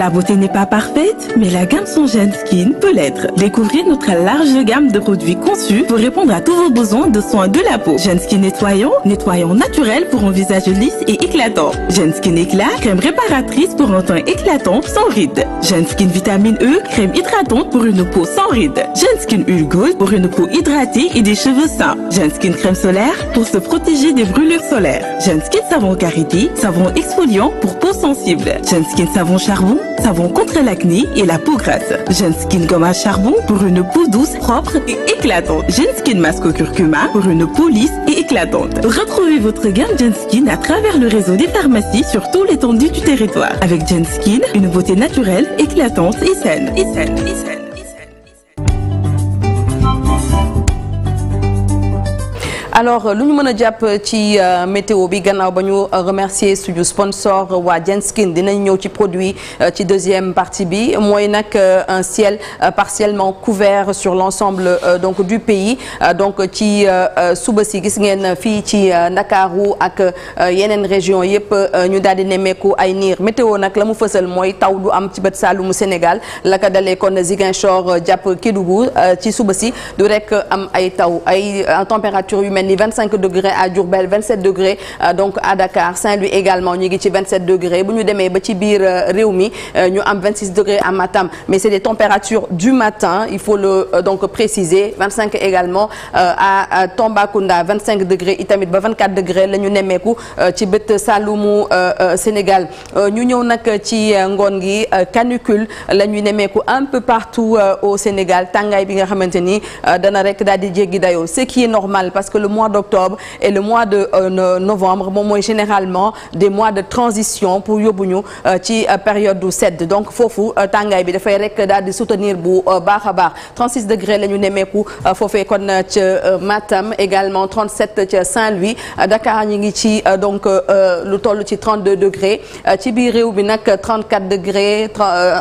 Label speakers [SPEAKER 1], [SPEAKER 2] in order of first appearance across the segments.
[SPEAKER 1] La beauté n'est pas parfaite, mais la gamme Songen Skin peut l'être. Découvrez notre large gamme de produits conçus pour répondre à tous vos besoins de soins de la peau. Jeune Skin nettoyant, nettoyant pour un visage lisse et éclatant. Jeune Skin crème réparatrice pour un teint éclatant sans rides. Jeune vitamine E, crème hydratante pour une peau sans rides. Jeune Skin pour une peau hydratée et des cheveux sains. Jeune crème savon contre l'acné et la peau grasse. Jeune Skin gomme à charbon pour une peau douce, propre éclatante. Jeune Skin curcuma pour une peau lisse et éclatante. Retrouvez votre gamme Jeune à travers le réseau des pharmacies sur toute l'étendue du territoire. Avec Jeune une beauté naturelle, éclatante et saine. alors
[SPEAKER 2] euh, lu ñu mën a jàpp euh, ci euh, météo bi gannaaw ba ñu remercier suñu sponsor waa Jenskin dinañ ñëw ci produit ci deuxième partie bi mooy nag un ciel partiellement couvert sur l'ensemble donc du pays donc ci suba si gis ngeen fii ci Ndakaaru ak yeneen région yëpp ñu daal di nemmeeku ay niir météo nag la mu fësal mooy taw du am ci bët saalumu Sénégal la ko dalee kon Ziguinchor jàpp Kédougou ci suba si du rek am ay taw ay température yu mel Saint-Louis 25 degrés à Diourbel 27 degrés euh, donc à Dakar Saint-Louis également ñu ngi ci 27 degrés bu ñu demee ba ci biir euh, réew mi euh, ñu am 26 degrés à Matam mais c'est des températures du matin il faut le donc préciser 25 également à Tambacounda 25 degrés itamit ba 24 degrés la ñu nemmeeku ci bët Saloum Sénégal ñu ñëw nag ci ngoon gi canicule la ñuy nemmeeku un peu partout au Sénégal tàngaay bi nga xamante ni dana rek daal di jéggi dayoo ce qui est mois d'octobre et mois de euh, novembre moom mooy généralement des mois de transition pour yóbbu ñu euh, ci euh, période du sedd donc foofu tàngaay bi dafay rek daal di soutenir bu baax a baax 36 degré la ñu nemmeeku foofee kon ca Matam également 37 ca Saint-Louis Dakar ñu ngi ci donc lu toll ci 32 degré ci biir réew bi nag 34 degré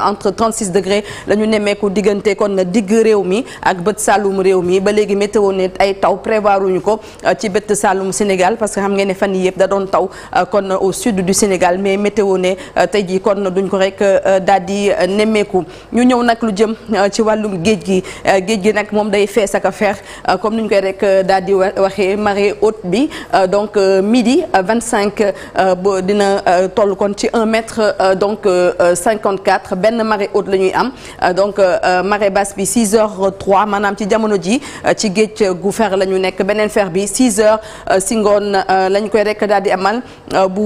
[SPEAKER 2] entre 36 degré la ñu nemmeeku diggante kon digg réew mi ak bët sàllum réew mi ba léegi météo ay taw prévoir uñu ko Euh, ci bëtt Saalum Sénégal parce que xam ngeen ne fan yii yëpp da doon taw euh, kon euh, au sud du Sénégal mais météo ne tey jii kon duñ ko rek daal di nemmeeku ñu ñëw nag lu jëm ci wàllum géej gi géej gi nag moom day fees ak affaire comme ni ñu koy rek daal di waxee marée haute bi donc midi 25 ba dina toll kon ci 1 mètre donc 54 benn marée haute la ñuy am donc mare basse bi 6 heures 3 maanaam ci jamono ji ci géej gu fer la ñu nekk beneen fer bi. bi 6 heures euh, si ngoon euh, lañu koy rekk daal di amal euh, bu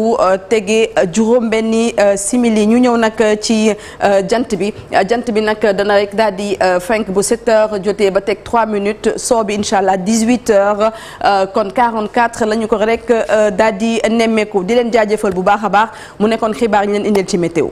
[SPEAKER 2] tegee juróom benni simili ñu ñëw nag ci jant bi jant bi nag dana rek daal di fenk bu 7 heures jotee ba teg 3 minutes soo bi incha allah 18 heures kon 44 la ñu ko rek daal di nemmeeku di leen jaajëfal bu baax a baax mu nekkoon xibaar ñu leen indil ci météo.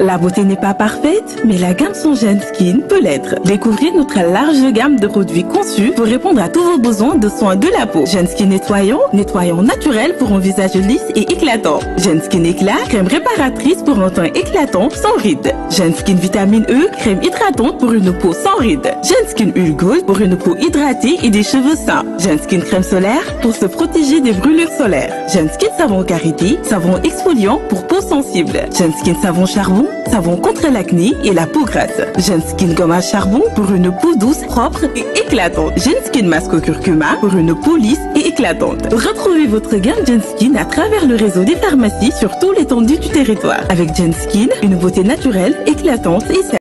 [SPEAKER 1] La beauté n'est pas parfaite, mais la gamme Songen Skin peut l'être. Découvrez notre large gamme de produits conçus pour répondre à tous vos besoins de soins de la peau. Jeune nettoyant, nettoyant naturel pour un visage lisse et éclatant. Jeune éclat, crème réparatrice pour un teint éclatant sans rides. Jeune vitamine E, crème hydratante pour une peau sans rides. Jeune Skin Huile pour une peau hydratée et des cheveux sains. Jeune crème solaire charbon, savon contre l'acné et la peau grasse. Jeune Skin gomme à charbon pour une peau douce, propre et éclatante. Jeune Skin curcuma pour une peau lisse et éclatante. Retrouvez votre gamme Jeune à travers le réseau des pharmacies sur tout l'étendue du territoire. Avec Jeune une beauté naturelle, éclatante